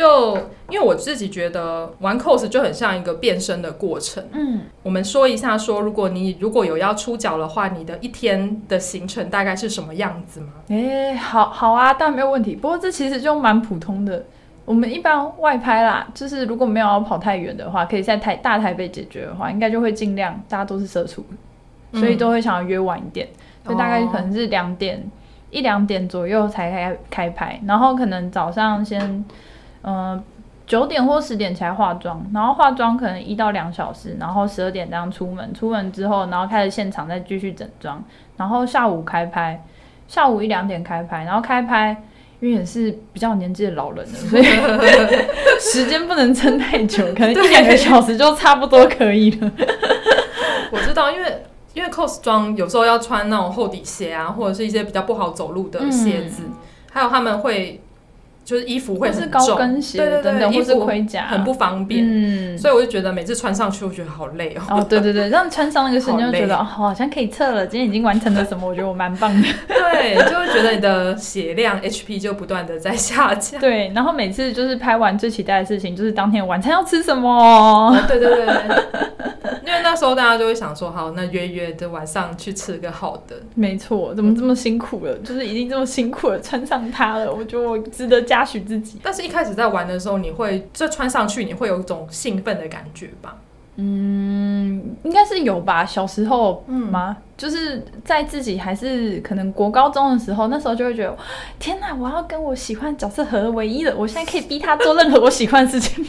就因為我自己覺得玩 cos 就很像一個變身的過程，嗯，我們說一下，說如果你如果有要出角的話，你的一天的行程大概是什麼樣子嗎？誒、欸，好好啊，但沒有問題。不過這其實就蠻普通的，我們一般外拍啦，就是如果沒有跑太遠的話，可以在台大台北解決的話，應該就會盡量大家都是社畜，所以都會想要約晚一點，嗯、所以大概可能是兩點、哦、一兩點左右才開開拍，然後可能早上先。嗯，九點或十點才化妝，然後化妝可能一到兩小時，然後十二點這樣出門。出門之後，然後開始現場再繼續整妝，然後下午開拍，下午一兩點開拍，然後開拍，因為也是比較年紀的老人了，所以 時間不能撐太久， 可能一兩個小時就差不多可以了。我知道，因為因為 cos 妝有時候要穿那種厚底鞋啊，或者是一些比較不好走路的鞋子，嗯、還有他們會。就是衣服會很重，高跟鞋等等對對對，或者盔甲很不方便，嗯，所以我就覺得每次穿上去，我覺得好累哦。哦，對對對，讓穿上那個時間就會覺得好，累、哦、好像可以測了。今天已經完成了什麼？我覺得我蠻棒的。 對，就會覺得你的血量 HP 就不斷的在下降。對，然後每次就是拍完最期待的事情就是當天晚餐要吃什麼、哦。對對對，因為那時候大家就會想說，好，那約約的晚上去吃個好的。沒錯，怎麼這麼辛苦了？就是已經這麼辛苦了，穿上它了，我覺得我值得加。允許自己。但是一開始在玩的時候，你會這穿上去，你會有一種興奮的感覺吧？嗯，應該是有吧。小時候嗎，嗯，就是在自己還是可能國高中的時候，那時候就會覺得，天哪，我要跟我喜歡角色合為一了！我現在可以逼他做任何我喜歡的事情。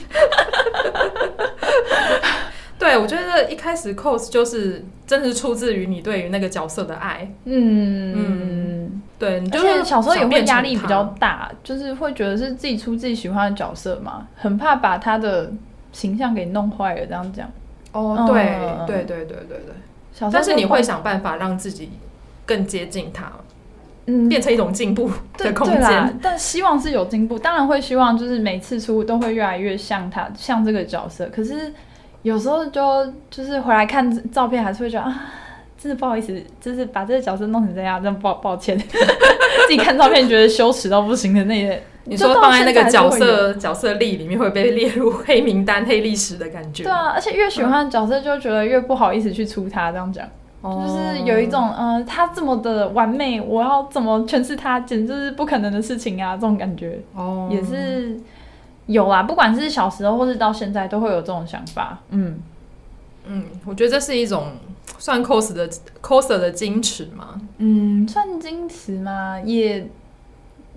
對，我覺得一開始 cos 就是真的是出自於你對於那個角色的愛。嗯。嗯對，就是小時候也會壓力比較大？就是會覺得是自己出自己喜歡的角色嘛，很怕把他的形象給弄壞了。這樣講，哦，嗯、對對對對對對。但是你會想辦法讓自己更接近他，嗯，變成一種進步的空間。但希望是有進步，當然會希望就是每次出都會越來越像他，像這個角色。可是有時候就就是回來看照片，還是會覺得啊。真的不好意思，就是把這個角色弄成這樣，真抱抱歉。 自己看照片覺得羞恥到不行的那些， 你說放在那個角色角色裡裡面會被列入黑名單、嗯、黑歷史的感覺。對啊，而且越喜歡的角色，就覺得越不好意思去出他。這樣講，哦、就是有一種，嗯、呃，他這麼的完美，我要怎麼詮釋他，簡直是不可能的事情啊，這種感覺。哦，也是有啊，不管是小時候，或是到現在，都會有這種想法。嗯。嗯，我覺得這是一種算 cos 的 coser 的矜持嗎？嗯，算矜持嗎？也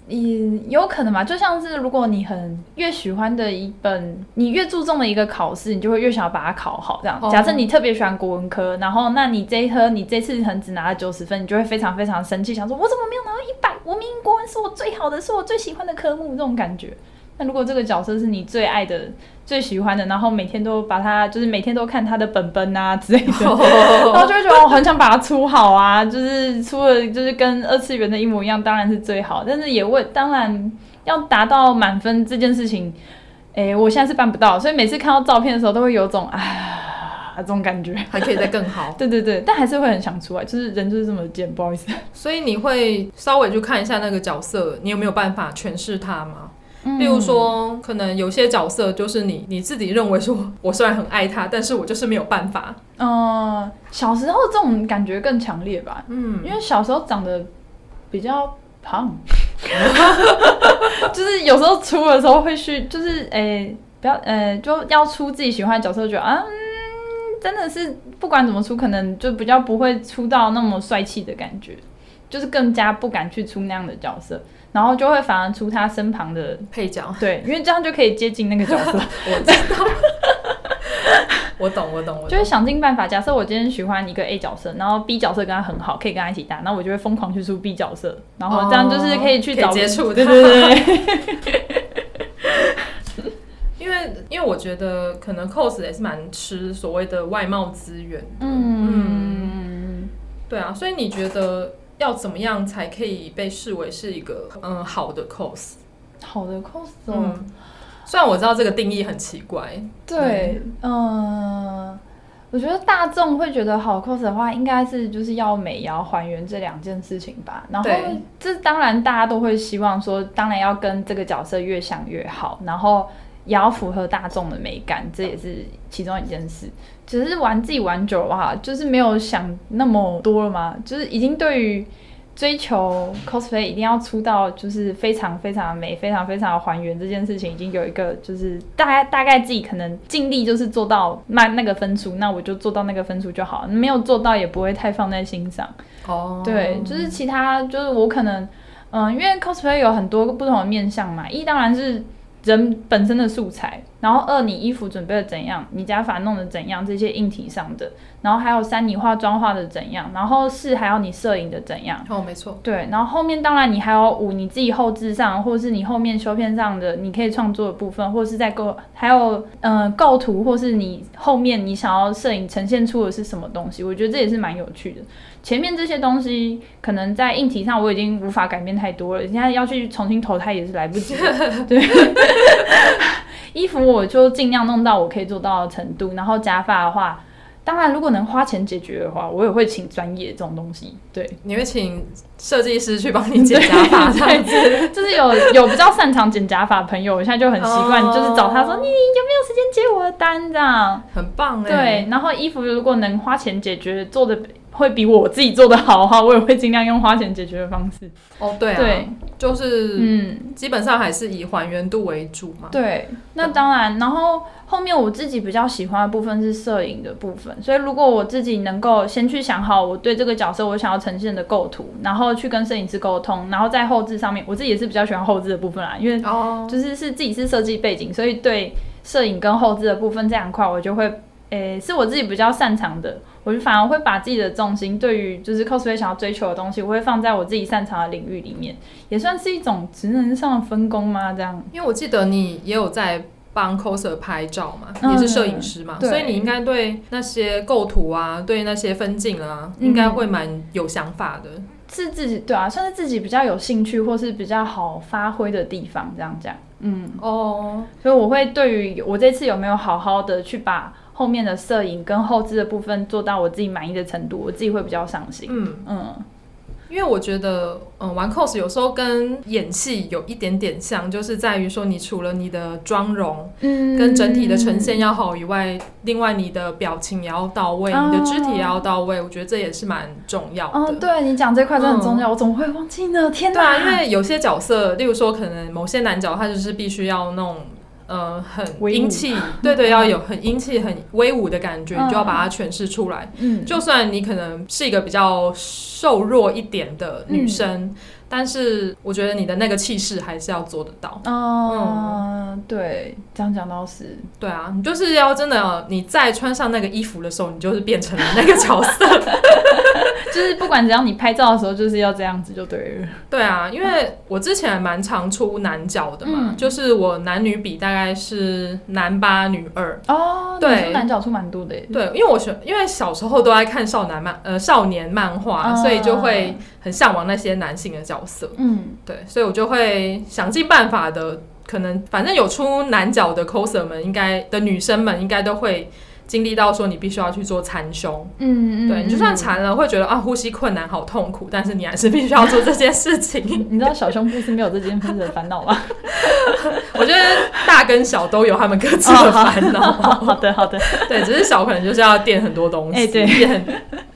也有可能吧。就像是如果你很越喜歡的一本，你越注重的一個考試，你就會越想要把它考好。這樣，哦、假設你特別喜歡國文科，然後那你這一科你這次很只拿了九十分，你就會非常非常生氣，想說：“我怎麼沒有拿到一百？我明明國文是我最好的，是我最喜歡的科目，這種感覺。”那如果這個角色是你最愛的、最喜歡的，然後每天都把它，就是每天都看他的本本啊之類的，oh. 然後就會覺得我很想把它出好啊，就是出了就是跟二次元的一模一樣，當然是最好。但是也未當然要達到滿分這件事情，哎，我現在是辦不到，所以每次看到照片的時候，都會有種啊這種感覺，還可以再更好。 對對對，但還是會很想出來，就是人就是這麼賤，不好意思。所以你會稍微就看一下那個角色，你有沒有辦法詮釋他嗎？比如說，可能有些角色就是你你自己認為說，我雖然很愛他，但是我就是沒有辦法。嗯、呃，小時候這種感覺更強烈吧。嗯，因為小時候長得比較胖， 就是有時候出的時候會去，就是誒、欸，不要，呃、欸，就要出自己喜歡的角色，就覺得、啊、嗯真的是不管怎麼出，可能就比較不會出到那麼帥氣的感覺。就是更加不敢去出那樣的角色，然後就會反而出他身旁的配角，對，因為這樣就可以接近那個角色。 我知道 我，我懂，我懂，我就會想盡辦法。假設我今天喜歡一個 A 角色，然後 B 角色跟他很好，可以跟他一起打，那我就會瘋狂去出 B 角色，然後這樣就是可以去找接觸，oh, 對不對，對，對。 因為因為我覺得可能 cos 也是蠻吃所謂的外貌資源，嗯，嗯對啊，所以你覺得？要怎麼樣才可以被視為是一個嗯好的 cos？好的 cos？哦，嗯，雖然我知道這個定義很奇怪，對，嗯，嗯，我覺得大眾會覺得好 cos 的話，應該是就是要美，也要還原這兩件事情吧。然後對這當然大家都會希望說，當然要跟這個角色越像越好，然後也要符合大眾的美感，這也是其中一件事。只是玩自己玩久了哈，就是沒有想那麼多了嘛，就是已經對於追求 cosplay 一定要出到就是非常非常美，非常非常的還原這件事情，已經有一個就是大概大概自己可能盡力就是做到那那個分數，那我就做到那個分數就好，沒有做到也不會太放在心上。哦，oh. 對，就是其他就是我可能嗯、呃，因為 cosplay 有很多不同的面向嘛，一當然是人本身的素材。然後二，你衣服準備的怎樣？你假髮弄的怎樣？這些硬體上的，然後還有三，你化妝化的怎樣？然後四，還有你攝影的怎樣？哦，沒錯。對，然後後面當然你還有五，你自己後製上，或是你後面修片上的，你可以創作的部分，或是在構，還有嗯、呃、構圖，或是你後面你想要攝影呈現出的是什麼東西？我覺得這也是蠻有趣的。前面這些東西可能在硬體上我已經無法改變太多了，人家要去重新投胎也是來不及的。 對。 衣服我就盡量弄到我可以做到的程度，然後假髮的話，當然如果能花錢解決的話，我也會請專業這種東西。對，你會請設計師去幫你剪假髮這樣子，就是有有比較擅長剪假髮的朋友，我現在就很習慣，就是找他說、oh, 你有沒有時間接我的單這樣。很棒誒。對，然後衣服如果能花錢解決做的，會比我自己做得好的話，我也會盡量用花錢解決的方式。哦，對啊，對，就是，嗯，基本上還是以還原度為主嘛。嗯、對，那當然。對然後後面我自己比較喜歡的部分是攝影的部分，所以如果我自己能夠先去想好我對這個角色我想要呈現的構圖，然後去跟攝影師溝通，然後在後製上面，我自己也是比較喜歡後製的部分啦、啊，因為哦，就是是自己是設計背景，所以對攝影跟後製的部分這兩塊，我就會，誒、欸，是我自己比較擅長的。我就反而會把自己的重心對於就是 coser 想要追求的東西，我會放在我自己擅長的領域裡面，也算是一種職能上的分工嘛。這樣，因為我記得你也有在幫 coser 拍照嘛，okay, 也是攝影師嘛，對所以你應該對那些構圖啊，對那些分鏡啊，嗯、應該會蠻有想法的。是自己對啊，算是自己比較有興趣或是比較好發揮的地方。這樣講，嗯哦，oh. 所以我會對於我這次有沒有好好的去把。後面的攝影跟後置的部分做到我自己滿意的程度，我自己會比較上心。嗯嗯，嗯，因為我覺得，嗯，玩 cos 有時候跟演戲有一點點像，就是在於說，你除了你的妝容，嗯，跟整體的呈現要好以外，嗯、另外你的表情也要到位，啊、你的肢體也要到位，我覺得這也是蠻重要的。嗯、對你講這塊真的很重要，嗯、我怎麼會忘記呢？天吶，因為有些角色，例如說可能某些男角，他就是必須要弄。呃，很英氣，威武對，對對，嗯、要有很英氣、很威武的感覺，嗯、你就要把它詮釋出來。嗯，就算你可能是一個比較瘦弱一點的女生，嗯、但是我覺得你的那個氣勢還是要做得到。嗯，嗯嗯對，這樣講倒是對啊，你就是要真的，你再穿上那個衣服的時候，你就是變成了那個角色。 就是不管只要你拍照的時候就是要這樣子就對了。對啊，因為我之前蠻常出男角的嘛，嗯、就是我男女比大概是男八女二哦。對，男角出蠻多的耶。對，因為我喜歡，因為小時候都愛看少男漫，呃，少年漫畫，嗯、所以就會很向往那些男性的角色。嗯，對，所以我就會想盡辦法的，可能反正有出男角的 coser 們應，應該的女生們應該都會。經歷到說你必須要去做殘胸，嗯，對，你就算殘了，嗯、會覺得啊，呼吸困難，好痛苦，但是你還是必須要做這件事情 你。你知道小胸部是沒有這件事的煩惱嗎？ 我覺得大跟小都有他們各自的煩惱哦。好的，好的，好的，對，只是小可能就是要墊很多東西，欸，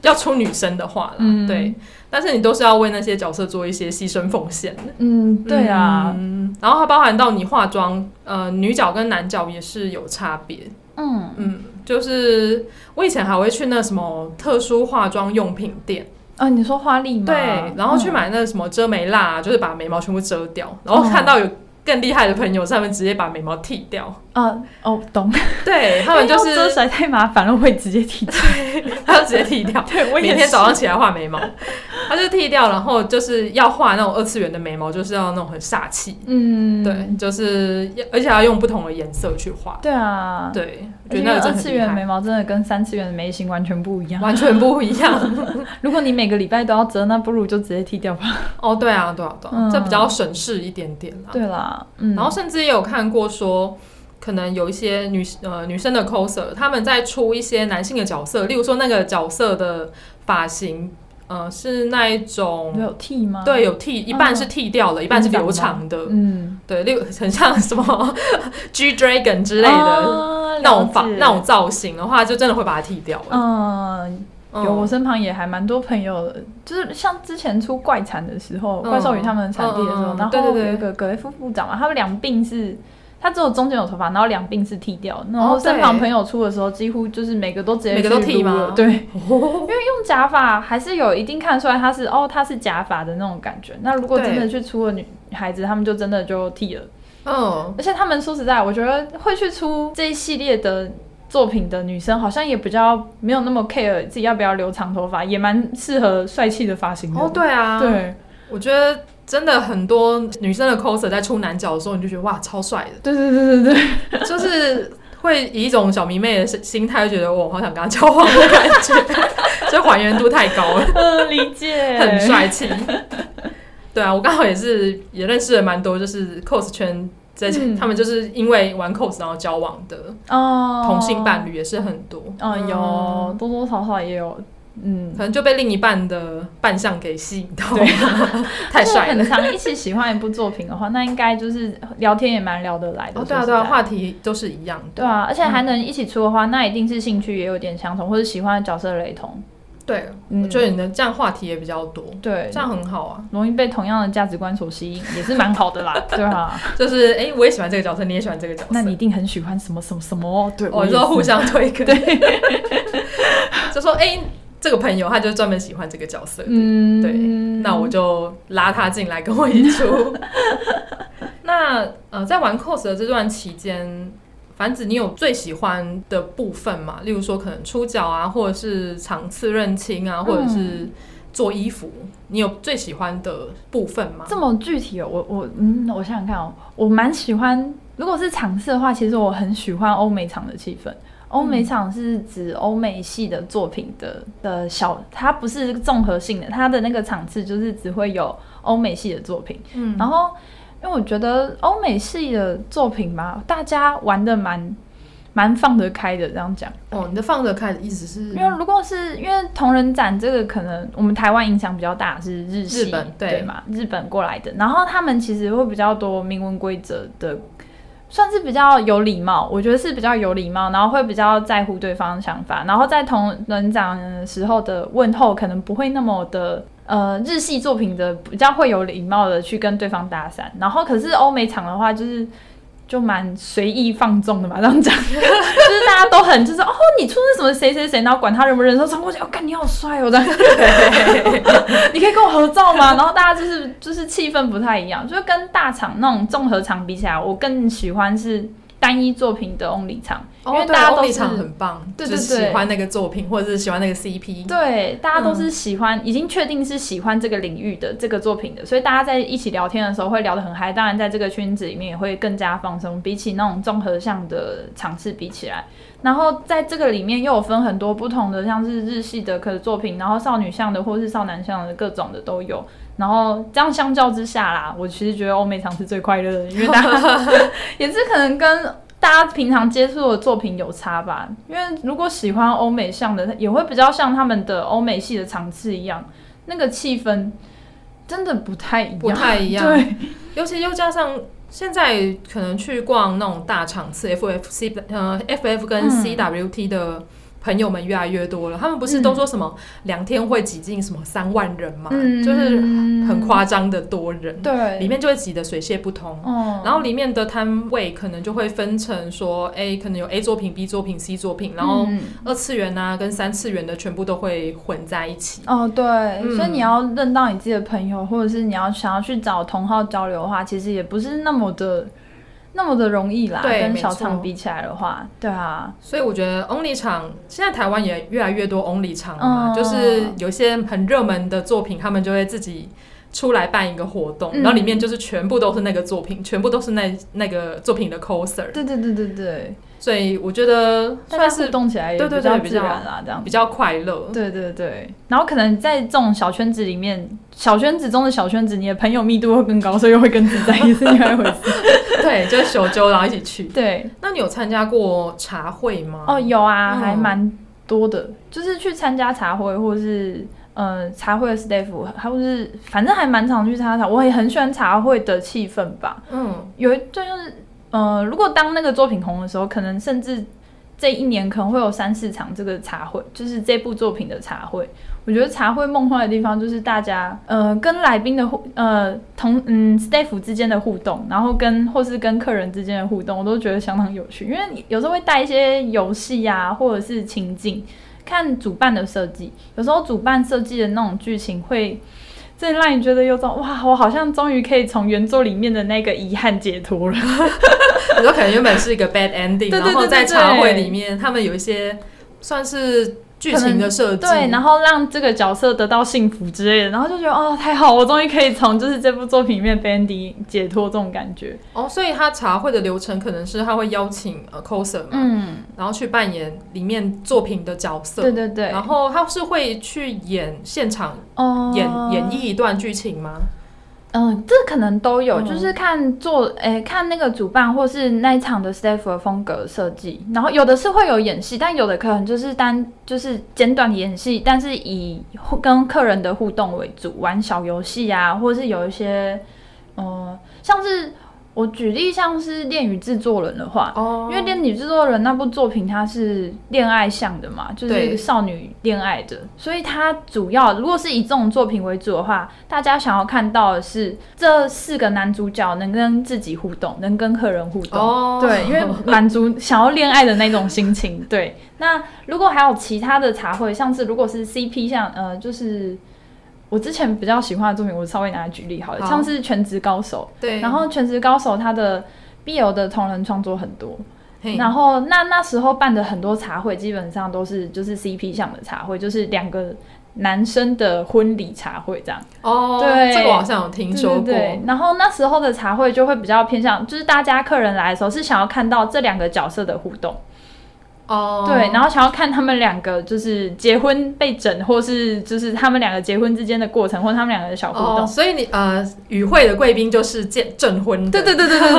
要出女生的話了，嗯、對。但是你都是要為那些角色做一些犧牲奉獻。嗯，對啊。嗯，然後它包含到你化妝，呃，女角跟男角也是有差別。嗯嗯。嗯就是我以前還會去那什麼特殊化妝用品店啊，你說花麗嗎？對，然後去買那什麼遮眉蠟、啊，嗯、就是把眉毛全部遮掉，然後看到有更厲害的朋友，上面直接把眉毛剃掉。啊哦懂，對，他們就是遮實在太麻煩了，我會直接剃掉，他就直接剃掉。對，我每天早上起來畫眉毛，他就剃掉，然後就是要畫那種二次元的眉毛，就是要那種很煞氣。嗯，對，就是，而且要用不同的顏色去畫。對啊，對，我覺得二次元的眉毛真的跟三次元的眉形完全不一樣，完全不一樣。如果你每個禮拜都要遮，那不如就直接剃掉吧。哦，對啊，對啊，對啊，這比較省事一點點啦。對啦，嗯，然後甚至也有看過說。可能有一些女呃女生的 coser，他們在出一些男性的角色，例如說那個角色的髮型，呃，是那一種，有剃嗎？對，有剃一半，是剃掉了，一半是留長的。嗯，對，例如很像什麼 G Dragon 之類的那種髮那種造型的話，就真的會把它剃掉了。嗯，有我身旁也還蠻多朋友，就是像之前出怪產的時候，怪獸與他們的產地的時候，然後對對對，葛格雷夫部長嘛，他們兩鬢是。他只有中間有頭髮，然後兩鬢是剃掉，然後身旁朋友出的時候，哦、幾乎就是每個都直接剃了。每個都剃嗎？對， 因為用假髮還是有一定看出來他是哦，他是假髮的那種感覺。那如果真的去出了女孩子，對他們就真的就剃了。嗯，而且他們說實在，我覺得會去出這一系列的作品的女生，好像也比較沒有那麼 care 自己要不要留長頭髮，也蠻適合帥氣的髮型的哦，對啊，對，我覺得。真的很多女生的 coser 在出男角的時候，你就覺得哇，超帥的。對對對對對，就是會以一種小迷妹的心心態，就覺得我好想跟他交往的感覺， 所以還原度太高了。嗯， 理解。很帥氣。 對啊，我剛好也是也認識了蠻多，就是 cos 圈在他們就是因為玩 cos 然後交往的哦，嗯、同性伴侶也是很多，啊有、哎、呦多多少少也有。嗯，可能就被另一半的扮相給吸引到，太帥了。想一起喜歡一部作品的話，那應該就是聊天也蠻聊得來的。哦，對啊，對啊，話題都是一樣的。對啊，而且還能一起出的話，那一定是興趣也有點相同，或者喜歡的角色雷同。對，嗯，就你這樣話題也比較多。對，這樣很好啊，容易被同樣的價值觀所吸引，也是蠻好的啦。對啊，就是哎，我也喜歡這個角色，你也喜歡這個角色，那你一定很喜歡什麼什麼什麼？對，我就互相推。對，就說哎。這個朋友，他就專門喜歡這個角色的，嗯、對，那我就拉他進來跟我一起出。 那呃，在玩 cos 的這段期間，凡子你有最喜歡的部分嗎？例如說可能出角啊，或者是場次認親啊，或者是做衣服，嗯、你有最喜歡的部分嗎？這麼具體哦，我我，嗯，我想想看哦，我蠻喜歡，如果是場次的話，其實我很喜歡歐美場的氣氛。歐美場是指歐美系的作品的、嗯、的小，它不是綜合性的，它的那個場次就是只會有歐美系的作品。嗯，然後因為我覺得歐美系的作品嘛，大家玩得蠻蠻放得開的，這樣講。哦，你的放得開的意思是？嗯、因為如果是因為同人展這個，可能我們台灣影響比較大是日日本對嘛，對日本過來的，然後他們其實會比較多明文規則的。算是比較有禮貌，我覺得是比較有禮貌，然後會比較在乎對方的想法，然後在同人場的時候的問候可能不會那麼的，呃，日系作品的比較會有禮貌的去跟對方搭訕，然後可是歐美場的話就是。就蠻隨意放縱的嘛，這樣講， 就是大家都很就是哦，你出那什麼誰誰誰，然後管他認不認，然後穿過去，哦，幹，你好帥哦，這樣， 你可以跟我合照嗎？然後大家就是就是氣氛不太一樣，就是跟大廠那種綜合場比起來，我更喜歡是。單一作品的 only 場，因為大家都是、oh, 很棒，對對對，就是喜歡那個作品對對對，或者是喜歡那個 CP，對，大家都是喜歡，嗯、已經確定是喜歡這個領域的這個作品的，所以大家在一起聊天的時候會聊得很嗨。當然，在這個圈子裡面也會更加放鬆，比起那種綜合向的場次比起來，然後在這個裡面又有分很多不同的，像是日系的可作品，然後少女向的或是少男向的各種的都有。然後這樣相較之下啦，我其實覺得歐美場是最快樂的，因為大家 也是可能跟大家平常接觸的作品有差吧。因為如果喜歡歐美向的，也會比較像他們的歐美系的場次一樣，那個氣氛真的不太一樣，不太一樣。對，尤其又加上現在可能去逛那種大場次 FFC 的呃 FF 跟 CWT 的。嗯朋友們越來越多了，他們不是都說什麼兩、嗯、天會擠進什麼三萬人嘛，嗯、就是很誇張的多人，對，裡面就會擠得水泄不通。哦、然後裡面的攤位可能就會分成說、嗯、，A 可能有 A 作品、B 作品、C 作品，然後二次元吶、啊、跟三次元的全部都會混在一起。哦，對，嗯、所以你要認到你自己的朋友，或者是你要想要去找同好交流的話，其實也不是那麼的。那麼的容易啦，對，跟小場比起來的話，對啊，所以我覺得 only 場現在台灣也越來越多 only 場了，就是有些很熱門的作品，他們就會自己出來辦一個活動，然後裡面就是全部都是那個作品，全部都是那那個作品的 coser，對對對對，所以我覺得算是互動起來也比較自然啦，這樣比較快樂，對對對，然後可能在這種小圈子裡面，小圈子中的小圈子，你的朋友密度會更高，所以又會更自在，也是另外一回事。 對，就是小揪然後一起去。 對，那你有參加過茶會嗎？哦，有啊，嗯、還蠻多的，就是去參加茶會，或是嗯、呃，茶會的 staff，或不是反正還蠻常去參加茶會。我也很喜歡茶會的氣氛，吧。嗯，有一這就是嗯、呃，如果當那個作品紅的時候，可能甚至。這一年可能會有三四場這個茶會，就是這部作品的茶會。我覺得茶會夢幻的地方就是大家，呃，跟來賓的，呃，同，嗯，staff 之間的互動，然後跟或是跟客人之間的互動，我都覺得相當有趣。因為有時候會帶一些遊戲呀，或者是情景，看主辦的設計。有時候主辦設計的那種劇情會。這讓你覺得有種哇，我好像終於可以從原作裡面的那個遺憾解脫了。你 說可能原本是一個 bad ending， 然後在茶會裡面對對對對，他們有一些算是。劇情的設計，對，然後讓這個角色得到幸福之類的，然後就覺得哦，太好，我終於可以從就是這部作品裡面 f a n d y 解脫這種感覺。哦，所以他茶會的流程可能是他會邀請、呃、Coser 嘛，嗯、然後去扮演裡面作品的角色，對對對，然後他是會去演現場演、哦、演繹一段劇情嗎？嗯，這可能都有，就是看做誒、欸，看那個主辦或是那一場的 staff 的風格設計，然後有的是會有演戲，但有的可能就是單就是簡短的演戲，但是以跟客人的互動為主，玩小遊戲啊，或是有一些，嗯、呃，像是。我舉例，像是戀與製作人的話，哦，oh. 因為戀與製作人那部作品它是戀愛向的嘛，就是少女戀愛的，對所以它主要如果是以這種作品為主的話，大家想要看到的是這四個男主角能跟自己互動，能跟客人互動，oh. 對，因為滿足想要戀愛的那種心情。 對，那如果還有其他的茶會，像是如果是 CP 向，呃，就是。我之前比較喜歡的作品，我稍微拿來舉例好了，好像是《全職高手》，對，然後《全職高手》它的 BL 的同人創作很多，嘿然後那那時候辦的很多茶會，基本上都是就是 CP 向的茶會，就是兩個男生的婚禮茶會這樣。哦，對，這個好像有聽說過對對對。然後那時候的茶會就會比較偏向，就是大家客人來的時候是想要看到這兩個角色的互動。哦，oh, 對，然後想要看他們兩個就是結婚被整，或是就是他們兩個結婚之間的過程，或是他們兩個的小互動。Oh, 所以你呃，與會的貴賓就是見證婚，對對對對對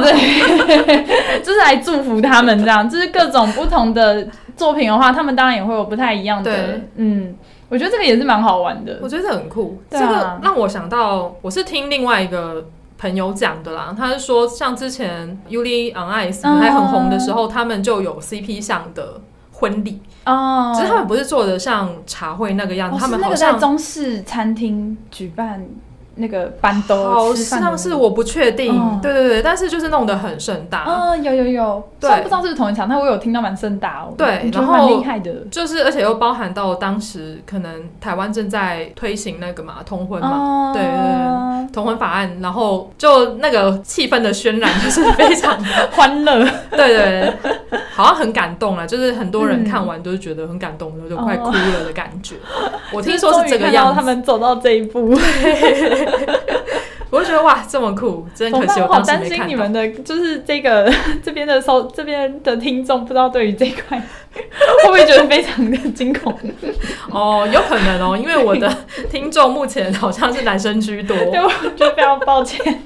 對 就是來祝福他們這樣。就是各種不同的作品的話，他們當然也會有不太一樣的。對嗯，我覺得這個也是蠻好玩的，我覺得很酷。對啊、這個讓我想到，我是聽另外一個。朋友講的啦，他是說像之前，Yuri on Ice，嗯，還很紅的時候，他們就有 C P 向的婚禮哦，嗯，只是他們不是做的像茶會那個樣子，哦，他們好像是那個在中式餐廳舉辦。那個班都好像是，我不確定，對對對，但是就是弄得很盛大，嗯，有有有，對，雖然不知道是不是同一場，但我有聽到蠻盛大哦，對，然後厲害的，就是而且又包含到當時可能台灣正在推行那個嘛同婚嘛，對對對，同婚法案，然後就那個氣氛的渲染就是非常歡樂，對對對，好像很感動啊。就是很多人看完都是覺得很感動，就快哭了的感覺。我聽說是這個樣子，他們走到這一步。 我會覺得哇，這麼酷，真可惜！我好擔心你們的，就是這個這邊的收這邊的聽眾，不知道對於這一塊會不會覺得非常的驚恐？ 哦，有可能哦，因為我的聽眾目前好像是男生居多，就非常抱歉。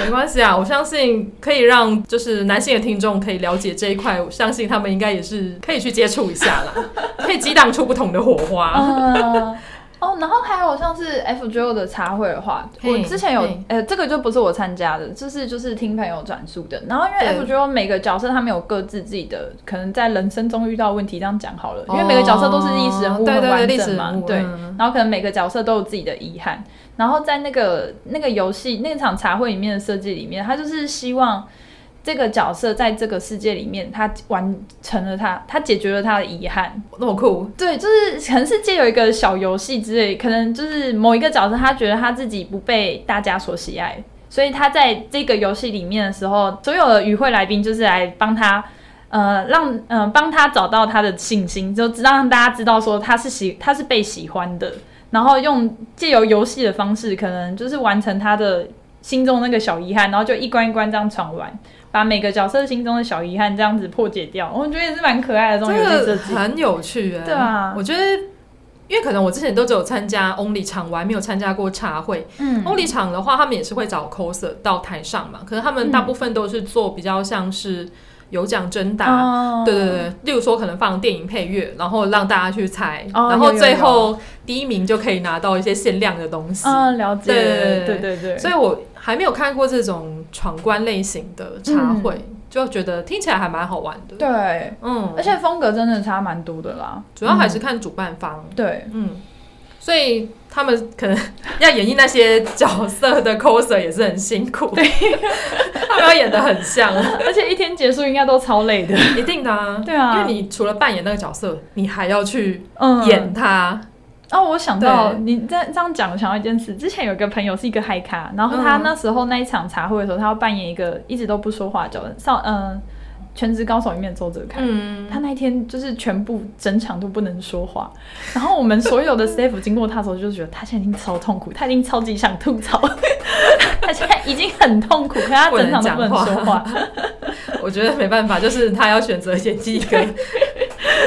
沒關係啊，我相信可以讓就是男性的聽眾可以了解這一塊，我相信他們應該也是可以去接觸一下了，可以激盪出不同的火花。嗯哦，然後還有像是 FGO 的茶會的話，嘿我之前有，嘿呃，這個就不是我參加的，就是就是聽朋友轉述的。然後因為 FGO 每個角色他們有各自自己的，對可能在人生中遇到問題，這樣講好了。因為每個角色都是歷史人物很完整嘛，對對對，歷史嘛，對。然後可能每個角色都有自己的遺憾。然後在那個那個遊戲那個、場茶會裡面的設計裡面，他就是希望。這個角色在這個世界裡面，他完成了他，他解決了他的遺憾，那麼酷。對，就是可能是藉由一個小遊戲之類，可能就是某一個角色，他覺得他自己不被大家所喜愛，所以他在這個遊戲裡面的時候，所有的與會來賓就是來幫他，呃，讓嗯、呃、幫他找到他的信心，就讓大家知道說他是喜，他是被喜歡的，然後用借由遊戲的方式，可能就是完成他的心中那個小遺憾，然後就一關一關這樣闖完。把每個角色心中的小遺憾這樣子破解掉，我覺得也是蠻可愛的東西。這個，很有趣，欸。對啊，我覺得，因為可能我之前都只有參加 only 場，我還沒有參加過茶會。嗯，only 場的話，他們也是會找 coser 到台上嘛，可能他們大部分都是做比較像是。有獎徵答，oh. 對對對，例如說可能放電影配樂，然後讓大家去猜，oh, 然後最後第一名就可以拿到一些限量的東西。Oh, 了解。對對對對，所以我還沒有看過這種闖關類型的茶會，嗯、就覺得聽起來還蠻好玩的。對，嗯，而且風格真的差蠻多的啦，主要還是看主辦方。嗯、對，嗯，所以。他們可能要演繹那些角色的 coser 也是很辛苦， 他們要演得很像， 而且一天結束應該都超累的， 一定的啊，對啊，因為你除了扮演那個角色，你還要去演他。嗯、哦，我想到對你在這樣講，我想到一件事，之前有一個朋友是一個嗨咖，然後他那時候那一場茶會的時候，嗯、他要扮演一個一直都不說話的角色，上，嗯。《全職高手》裡面周澤楷，嗯、他那天就是全部整場都不能說話，然後我們所有的 staff 經過他的時候，就覺得他現在已經超痛苦，他已經超級想吐槽， 他現在已經很痛苦，可是他整場都不能說話。不能講話。我覺得沒辦法，就是他要選擇演技一個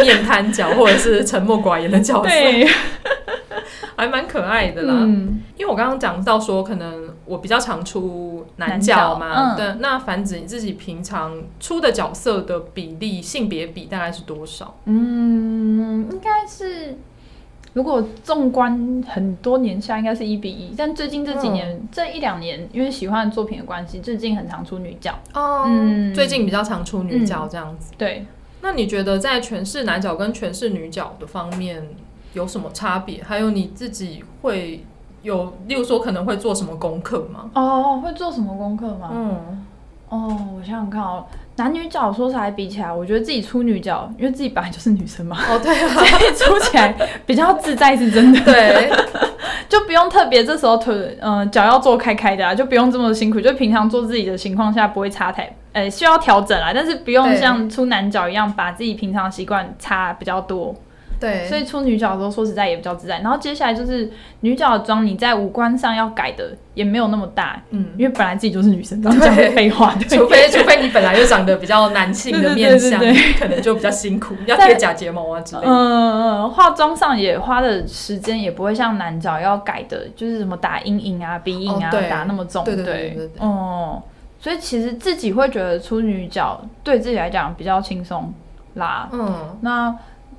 面癱角或者是沉默寡言的角色。還蠻可愛的啦，嗯、因為我剛剛講到說，可能我比較常出男角嘛。男角嗯、對，那凡子你自己平常出的角色的比例、性別比大概是多少？嗯，應該是如果縱觀很多年下應該是一比一。但最近這幾年，嗯、這一兩年因為喜歡的作品的關係，最近很常出女角哦。嗯，嗯，最近比較常出女角這樣子。嗯、對，那你覺得在全是男角跟全是女角的方面？有什麼差別？還有你自己會有，例如說可能會做什麼功課嗎？哦，oh, 會做什麼功課嗎？嗯，哦，oh, 我想想看哦，男女角說出來比起來，我覺得自己出女角，因為自己本來就是女生嘛。哦，oh, 對啊，自己出起來比較自在，是真的。 對， 就不用特別這時候腿，嗯、呃，腳要做開開的、啊，就不用這麼辛苦。就平常做自己的情況下，不會差太，哎、欸，需要調整啊。但是不用像出男角一樣，對把自己平常習慣差比較多。所以出女角的時候，說實在也比較自在。然後接下來就是女角的妝，你在五官上要改的也沒有那麼大，嗯，因為本來自己就是女生，這樣講廢話。除非除非你本來就長得比較男性的面相，可能就比較辛苦，要貼假睫毛啊之類的。嗯，化妝上也花的時間也不會像男角要改的，就是什麼打陰影啊、鼻影啊，打那麼重，對對對。哦，所以其實自己會覺得出女角對自己來講比較輕鬆啦。嗯，那。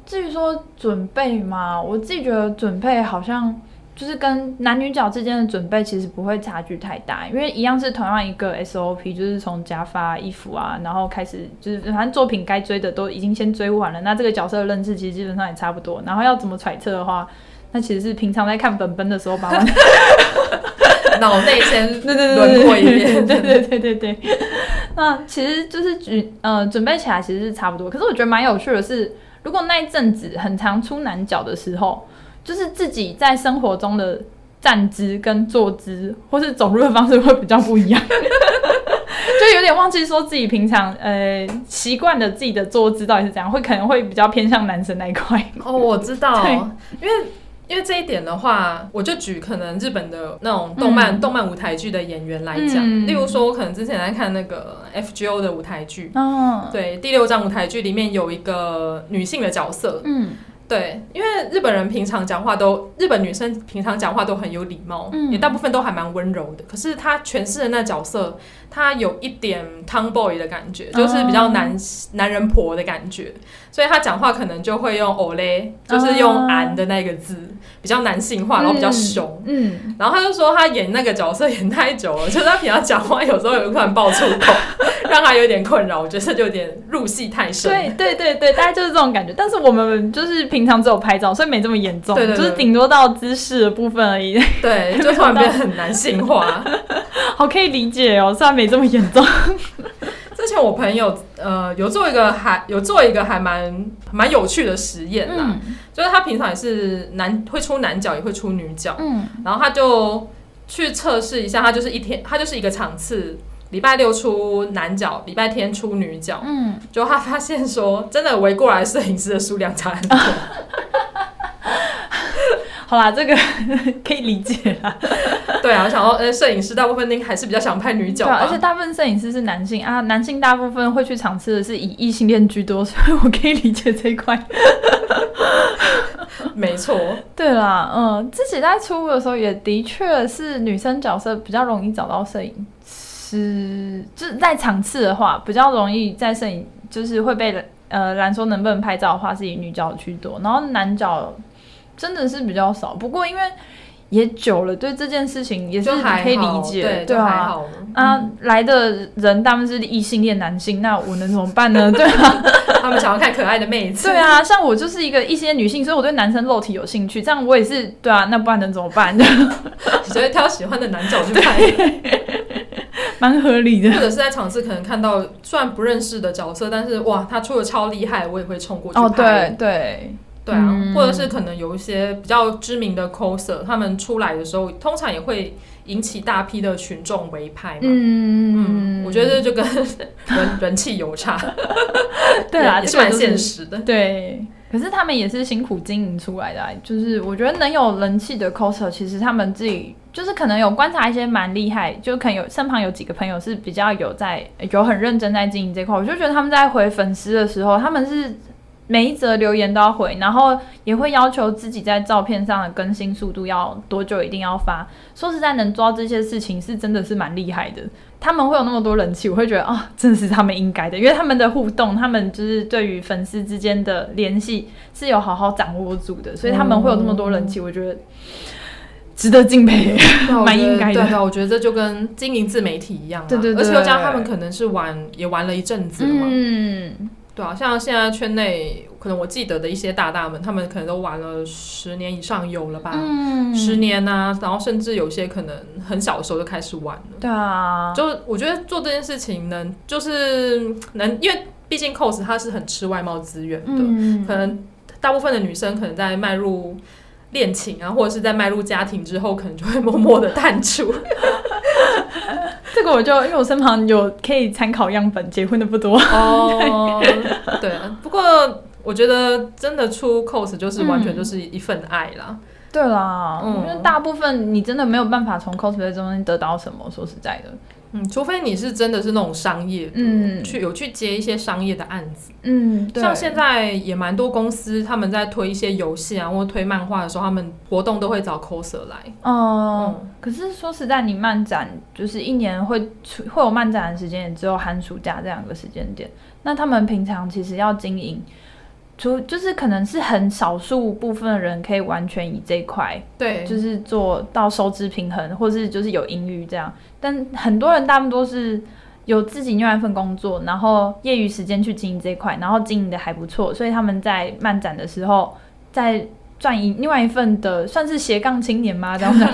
至於說準備嘛，我自己覺得準備好像就是跟男女角之間的準備其實不會差距太大，因為一樣是同樣一個 SOP，就是從假髮、衣服啊，然後開始就是反正作品該追的都已經先追完了，那這個角色的認識其實基本上也差不多。然後要怎麼揣測的話，那其實是平常在看本本的時候，把我腦袋先輪過一遍，對對對對對，那其實就是準嗯準備起來其實是差不多。可是我覺得蠻有趣的是。如果那一陣子很常出男角的時候，就是自己在生活中的站姿跟坐姿，或是走路的方式會比較不一樣， 就有點忘記說自己平常呃習慣的自己的坐姿到底是怎樣，會可能會比較偏向男生那一塊。哦，我知道， 因為。因為這一點的話，我就舉可能日本的那種動漫、嗯、動漫舞台劇的演員來講，嗯、例如說，我可能之前在看那個 FGO 的舞台劇，哦、對第六章舞台劇裡面有一個女性的角色，嗯、對，因為日本人平常講話都，日本女生平常講話都很有禮貌，嗯、也大部分都還蠻溫柔的，可是她詮釋的那角色。他有一點 tomboy 的感覺，就是比較男、oh. 男人婆的感覺，所以他講話可能就會用 ole，就是用俺的那個字，oh. 比較男性化，然後比較凶、嗯，嗯，然後他就說他演那個角色演太久了， 就是他平常講話有時候有可能爆粗口， 讓他有點困擾。我覺得就有點入戲太深，對對對對，大家就是這種感覺。但是我們就是平常只有拍照，所以沒這麼嚴重，對對對，就是頂多到姿勢的部分而已。對，就突然變很男性化， 好可以理解哦、喔，算。沒這麼嚴重。 之前我朋友呃有做一個還有做一個還蠻蠻有趣的實驗啦。嗯，就是他平常也是男會出男角也會出女角，嗯，然後他就去測試一下，他就是一天，他就是一個場次，禮拜六出男角，禮拜天出女角，嗯，就他發現說真的圍過來攝影師的數量差很多。啊 好啦，這個可以理解啦。 對啊，我想說，呃，攝影師大部分應還是比較想拍女角，對，啊，而且大部分攝影師是男性啊，男性大部分會去場次的，是以異性戀居多，所以我可以理解這一塊。 沒錯錯，對啦，嗯，自己在初步的時候也的確是女生角色比較容易找到攝影師，就是在場次的話比較容易在攝影就是會被呃來說能不能拍照的話是以女角居多，然後男角。真的是比較少，不過因為也久了，對這件事情也是很可以理解，對好。對啊，來的人他們是異性戀男性，那我能怎麼辦呢？ 對啊，他們想要看可愛的妹子，對啊，像我就是一個異性戀女性，所以我對男生肉體有興趣，這樣我也是對啊，那不然能怎麼辦？直接 挑喜歡的男角去看，蠻對 合理的。或者是在場次可能看到雖然不認識的角色，但是哇，他出的超厲害，我也會衝過去拍哦，對對。對啊，嗯、或者是可能有一些比較知名的 coser，他們出來的時候，通常也會引起大批的群眾圍拍嘛。嗯嗯嗯，我覺得這就跟人人氣 有差。 對啊啦，也是蠻現實的、就是。對，可是他們也是辛苦經營出來的、啊。就是我覺得能有人氣的 coser，其實他們自己就是可能有觀察一些蠻厲害，就可能有身旁有幾個朋友是比較有在有很認真在經營這塊，我就覺得他們在回粉絲的時候，他們是。每一則留言都要回，然後也會要求自己在照片上的更新速度要多久，一定要發。說實在，能做這些事情是真的是蠻厲害的。他們會有那麼多人氣，我會覺得啊、哦，真的是他們應該的，因為他們的互動，他們就是對於粉絲之間的聯繫是有好好掌握住的，所以他們會有那麼多人氣，我覺得值得敬佩，蠻、嗯、 應該的。對，我覺得這就跟經營自媒體一樣、啊，對對對。而且又加上他們可能是玩也玩了一陣子嘛。嗯。對啊，像現在圈內可能我記得的一些大大們，他們可能都玩了十年以上有了吧，嗯、十年吶、啊，然後甚至有些可能很小的時候就開始玩了。對啊、嗯，就我覺得做這件事情呢，就是能，因為畢竟 cos 它是很吃外貌資源的，嗯、可能大部分的女生可能在邁入。戀情啊，或者是在邁入家庭之後，可能就會默默的淡出。 這個我就因為我身旁有可以參考樣本，結婚的不多哦。 對，對，不過我覺得真的出 cos 就是完全就是一份愛啦。嗯、對啦，因為、嗯、大部分你真的沒有辦法從 cosplay 中間得到什麼，說實在的。除非你是真的是那種商業，嗯，去有去接一些商業的案子，嗯，對，像現在也蠻多公司他們在推一些遊戲啊或者推漫畫的時候，他們活動都會找 coser 來。哦、嗯，嗯、可是說實在你漫展，你漫展就是一年會會有漫展的時間也只有寒暑假這兩個時間點，那他們平常其實要經營。除就是可能是很少數部分的人可以完全以這一塊對，就是做到收支平衡，或是就是有盈餘這樣。但很多人大部分都是有自己另外一份工作，然後業餘時間去經營這一塊，然後經營的還不錯，所以他們在漫展的時候在賺一另外一份的，算是斜槓青年嗎？這樣子，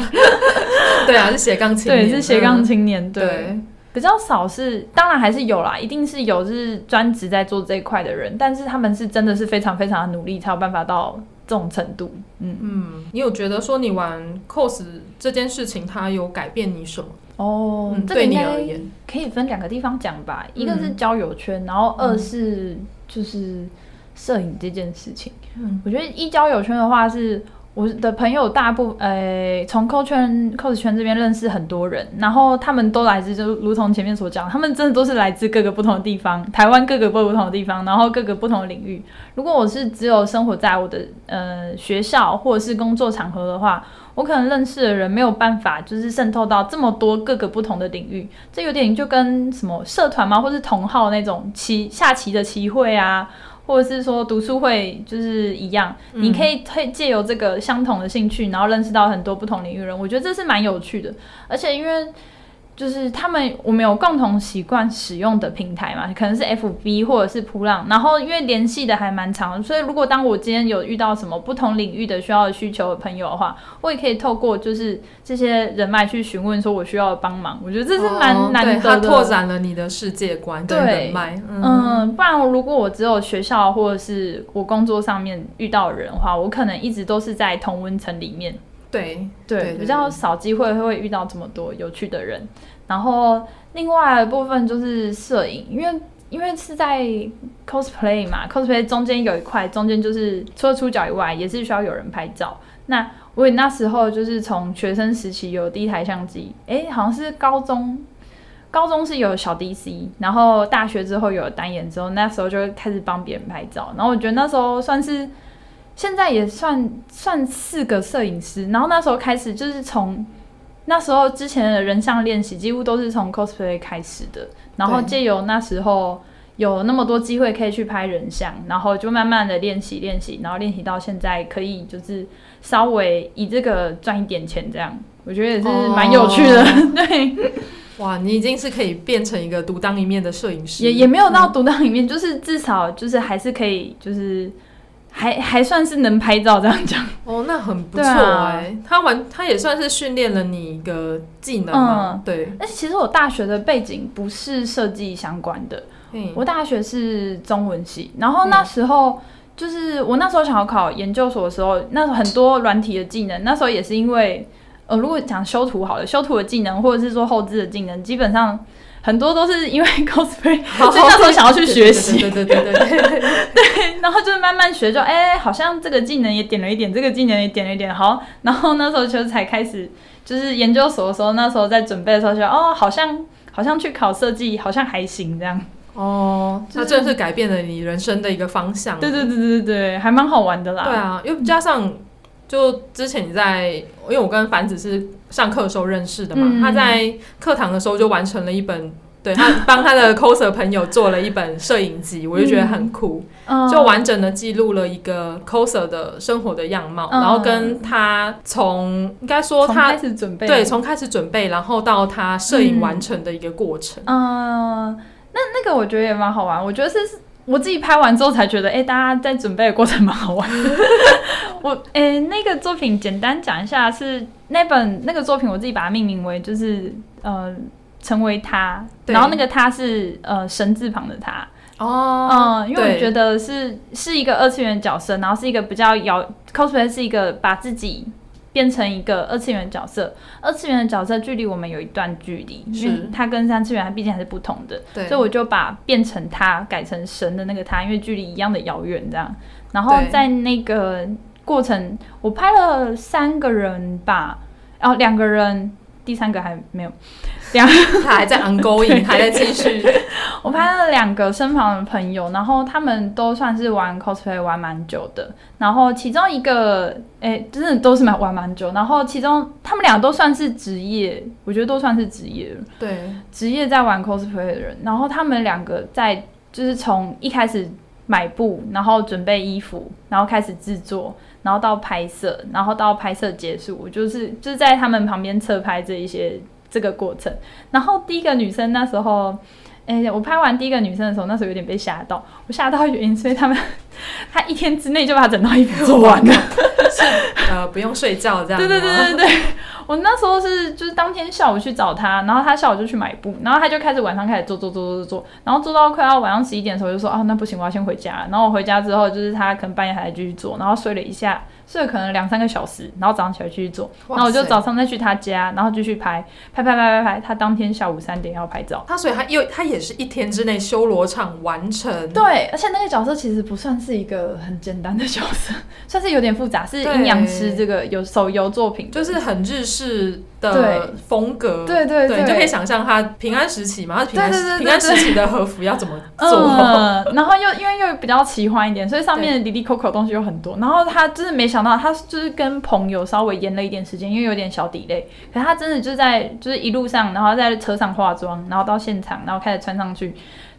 對啊，是斜槓青年，年，對，是斜槓青年，對。對比較少是，當然還是有啦，一定是有是專職在做這一塊的人，但是他們是真的是非常非常的努力才有辦法到這種程度。嗯嗯，你有覺得說你玩 cos 這件事情，它有改變你什麼？哦，嗯，這個，對你而言，可以分兩個地方講吧，一個是交友圈，然後二是就是攝影這件事情。嗯，我覺得一交友圈的話是。我的朋友大部分，哎、呃，從 cos 圈 cos 圈這邊認識很多人，然後他們都來自，就如同前面所講，他們真的都是來自各個不同的地方，台灣各個不同的地方，然後各個不同的領域。如果我是只有生活在我的呃學校或者是工作場合的話，我可能認識的人沒有辦法就是滲透到這麼多各個不同的領域，這有點就跟什麼社團嘛，或是同好那種棋下棋的棋會啊。或者是說讀書會就是一樣，嗯、你可以會借由這個相同的興趣，然後認識到很多不同領域人，我覺得這是蠻有趣的，而且因為。就是他們，我們有共同習慣使用的平台嘛，可能是 F B 或者是噗浪，然後因為聯繫的還蠻長，所以如果當我今天有遇到什麼不同領域的需要的需求的朋友的話，我也可以透過就是這些人脈去詢問，說我需要幫忙。我覺得這是蠻難得的。哦，對，他拓展了你的世界觀，人脈。嗯，不然如果我只有學校或者是我工作上面遇到的人的話，我可能一直都是在同溫層裡面，嗯、對、對、對、對、對，比較少機會會遇到這麼多有趣的人。然後另外一部分就是攝影，因為因為是在 cosplay 嘛，cosplay 中間有一塊，中間就是除了出角以外，也是需要有人拍照。那我也那時候就是從學生時期有第一台相機，哎，好像是高中，高中是有小 DC，然後大學之後有了單眼之後，那時候就開始幫別人拍照。然後我覺得那時候算是，現在也算算是個攝影師。然後那時候開始就是從那時候之前的人像練習幾乎都是從 cosplay 開始的，然後借由那時候有那麼多機會可以去拍人像，然後就慢慢的練習練習，然後練習到現在可以就是稍微以這個賺一點錢，這樣我覺得也是蠻有趣的。Oh. 對，哇，你已經是可以變成一個獨當一面的攝影師，也也沒有到獨當一面，嗯、就是至少就是還是可以就是。還還算是能拍照，這樣講哦，那很不錯哎、欸。啊、他玩他也算是訓練了你一個技能嘛，嗯、對。但是其實我大學的背景不是設計相關的，嗯、我大學是中文系。然後那時候、嗯、就是我那時候想要考研究所的時候，那很多軟體的技能，呃、那時候也是因為呃，如果講修圖好了，修圖的技能或者是說後製的技能，基本上。很多都是因為 cosplay，好 所以那時候想要去學習，對對對對對對、對、對， 對，然後就慢慢學就，就、欸，哎，好像這個技能也點了一點，這個技能也點了一點，好，然後那時候就才開始，就是研究所的時候，那時候在準備的時候就，就哦，好像好像去考設計，好像還行這樣。哦，那正、就是、是改變了你人生的一個方向。對對對對對對，還蠻好玩的啦。對啊，又加上。嗯就之前你在，因為我跟凡子是上課的時候認識的嘛，嗯、他在課堂的時候就完成了一本，對，他幫他的 coser 朋友做了一本攝影集，嗯、我就覺得很酷，嗯、就完整的記錄了一個 coser 的生活的樣貌，嗯、然後跟他從應該說他開始準備，對，從開始準備，然後到他攝影完成的一個過程。嗯，嗯，嗯，那那個我覺得也蠻好玩，我覺得是。我自己拍完之後才覺得，哎、欸，大家在準備的過程蠻好玩的。 我，哎、欸，那個作品簡單講一下，是那本那個作品，我自己把它命名為就是，呃，成為祂，對然後那個他是，呃，神字旁的他。哦，嗯，因為我覺得是對是一個二次元角色，然後是一個比較搖 Cosplay，是一個把自己。變成一個二次元角色，二次元的角色距離我們有一段距離，是因為它跟三次元它畢竟還是不同的，對所以我就把變成他改成神的那個他，因為距離一樣的遙遠這樣。然後在那個過程，對我拍了三個人吧，然後兩個人。第三個還沒有，第二個他還在 ongoing，還在繼續。我拍了兩個身旁的朋友，然後他們都算是玩 cosplay 玩蠻久的，然後其中一個，哎、欸，真的都是玩玩蠻久的。然後其中他們倆都算是職業，我覺得都算是職業，對，職業在玩 cosplay 的人。然後他們兩個在，就是從一開始買布，然後準備衣服，然後開始製作。然後到拍攝，然後到拍攝結束，就是就在他們旁邊側拍這一些這個過程。然後第一個女生那時候。哎、欸，我拍完第一個女生的時候，那時候有點被嚇到，我嚇到原因所以他，他們，他一天之內就把整套衣服做完了，嗯嗯是，呃，不用睡覺這樣。對對對對對，我那時候是就是當天下午去找他，然後他下午就去買布，然後他就開始晚上開始做做做做做做，然後做到快要晚上十一點的時候就說啊，那不行，我要先回家。然後我回家之後就是他可能半夜還在繼續做，然後睡了一下。所以可能兩三個小時，然後早上起來繼續做，然後我就早上再去他家，然後繼續拍，拍拍拍拍拍。他當天下午三點要拍照，他所以他又他也是一天之內修羅場完成。對，而且那個角色其實不算是一個很簡單的角色，算是有點複雜，是陰陽師這個對有手遊作品，就是很日式。嗯對，風格，對對對，對，對，對，你就可以想象他平安時期嘛，他平安對對對對對平安時期的和服要怎麼做？嗯、然後又因為又比較奇幻一點，所以上面的滴滴 Coco 的東西又很多。對，然後他真的沒想到，他就是跟朋友稍微延了一點時間，因為有點小 delay。可是他真的就在就是一路上，然後在車上化妝，然後到現場，然後開始穿上去。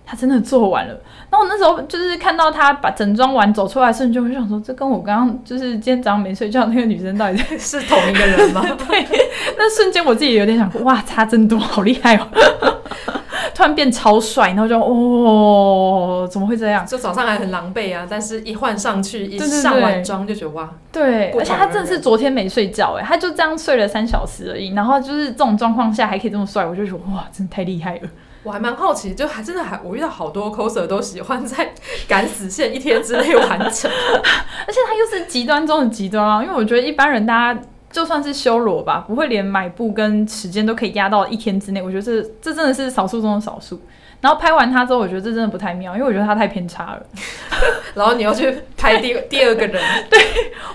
他真的做完了，那我那時候就是看到他把整裝完走出來瞬間，就我就想說，這跟我剛剛就是今天早上沒睡覺的那個女生，到底在是同一個人嗎？ 對。那瞬間我自己有點想，哇，差真多，好厲害哦！ 突然變超帥，然後就哇、哦，怎麼會這樣？就早上還很狼狽啊，但是一換上去一上完妝就覺得對對對哇，對。而，而且他正是昨天沒睡覺，哎，他就這樣睡了三小時而已，然後就是這種狀況下還可以這麼帥，我就覺得哇，真的太厲害了。我還蠻好奇，就還真的還，我遇到好多 coser 都喜歡在趕死線一天之內完成， 而且他又是極端中的極端啊！因為我覺得一般人大家就算是修羅吧，不會連買布跟時間都可以壓到一天之內。我覺得這這真的是少數中的少數。然後拍完他之後，我覺得這真的不太妙，因為我覺得他太偏差了。 然後你要去拍第 第二個人，對，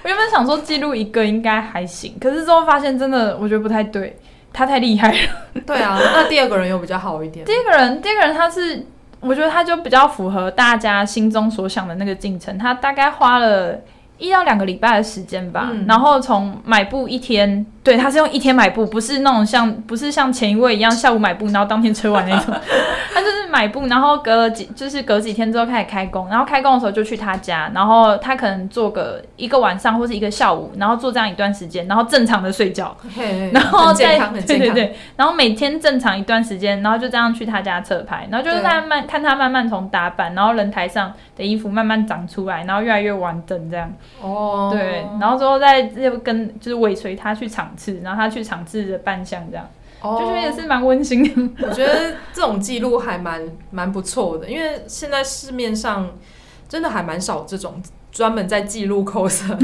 我原本想說記錄一個應該還行，可是之後發現真的我覺得不太對。他太厲害了， 對啊，那第二個人又比較好一點。第一個人，第一個人他是，我覺得他就比較符合大家心中所想的那個進程。他大概花了一到兩個禮拜的時間吧，嗯、然後從買布一天。對，他是用一天買布，不是那種像不是像前一位一樣下午買布，然後當天吹完那種。 他就是買布，然後隔了幾，就是隔幾天之後開始開工，然後開工的時候就去他家，然後他可能做個一個晚上或是一個下午，然後做這樣一段時間，然後正常的睡覺，okay, 然後再很健康，對對對，然後每天正常一段時間，然後就這樣去他家測牌，然後就是他慢對看他慢慢從打板，然後人台上的衣服慢慢長出來，然後越來越完整這樣。哦，oh. 對，然後之後再就跟就是尾隨他去廠。然後他去嘗試着扮相，這樣，oh, 就覺得也是蠻溫馨的。 我覺得這種記錄還蠻蠻不錯的，因為現在市面上真的還蠻少這種專門在記錄 coser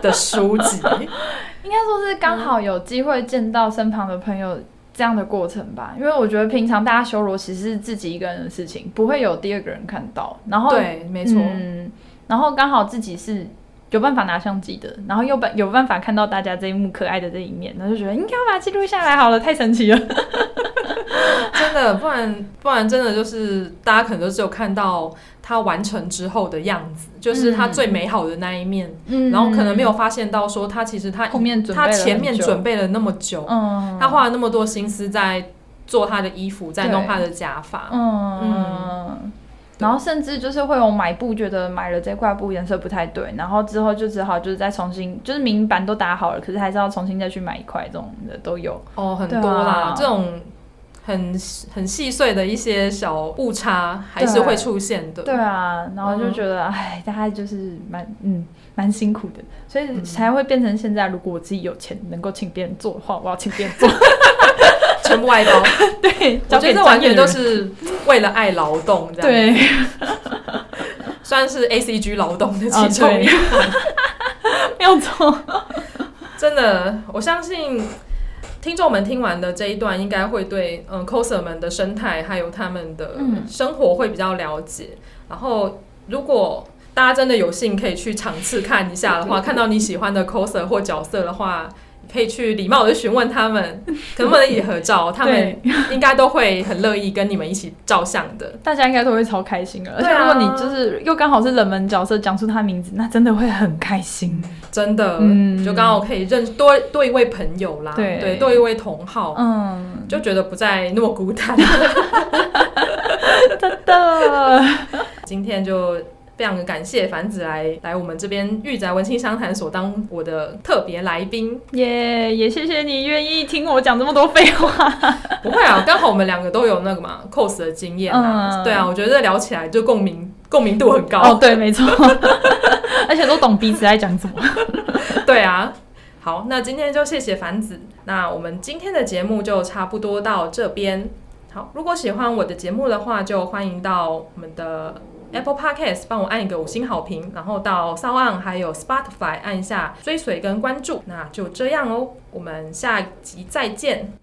的書籍。 應該說是剛好有機會見到身旁的朋友這樣的過程吧，因為我覺得平常大家修羅其實是自己一個人的事情，不會有第二個人看到。然後對，沒錯，嗯，然後剛好自己是。有辦法拿相機的，然後又辦有辦法看到大家這一幕可愛的這一面，那就覺得應該要把記錄下來好了， 太神奇了， 真的，不然不然真的就是大家可能都只有看到他完成之後的樣子，就是他最美好的那一面，嗯、然後可能沒有發現到說他其實他後面準備、嗯、他前面準備了那麼久，嗯、他花了那麼多心思在做他的衣服，在弄他的假髮，嗯。嗯對然後甚至就是會有買布，覺得買了這塊布顏色不太對，然後之後就只好就是再重新，就是明版都打好了，可是還是要重新再去買一塊這種的都有。哦，很多啦，啊、這種很很細碎的一些小誤差還是會出現的對。對啊，然後就覺得哎、哦，大概就是蠻嗯蠻辛苦的，所以才會變成現在，如果我自己有錢、嗯、能夠請別人做的話，我要請別人做。 全部外包，對，我覺得這完全都是為了愛勞動這樣。對，算是 A C G 勞動的其中一部分，沒錯。真的，我相信聽眾們聽完的這一段，應該會對嗯 coser 們的生態還有他們的生活會比較了解。然後，如果大家真的有幸可以去場次看一下的話，看到你喜歡的 coser 或角色的話，可以去禮貌的詢問他們，可不可以合照？ 對他們應該都會很樂意跟你們一起照相的。大家應該都會超開心的。啊、而且如果你就是又剛好是冷門角色，講出他名字，那真的會很開心。真的，嗯，就剛好可以認識多多一位朋友啦。對對，多一位同好，嗯，就覺得不再那麼孤單了。 真的， 今天就。非常感謝凡子來來我們這邊御宅文青相談所，當我的特別來賓耶，yeah, 也謝謝你願意聽我講這麼多廢話。 不會啊，剛好我們兩個都有那個嘛 cos 的經驗啊。嗯嗯對啊，我覺得這聊起來就共鳴共鳴度很高。 哦，對，沒錯， 而且都懂彼此在講什麼。 對啊，好，那今天就謝謝凡子，那我們今天的節目就差不多到這邊。好，如果喜歡我的節目的話，就歡迎到我們的。Apple Podcasts 幫我按一個五星好評，然後到 SoundOn 還有 Spotify 按一下追隨跟關注，那就這樣哦，我們下一集再見。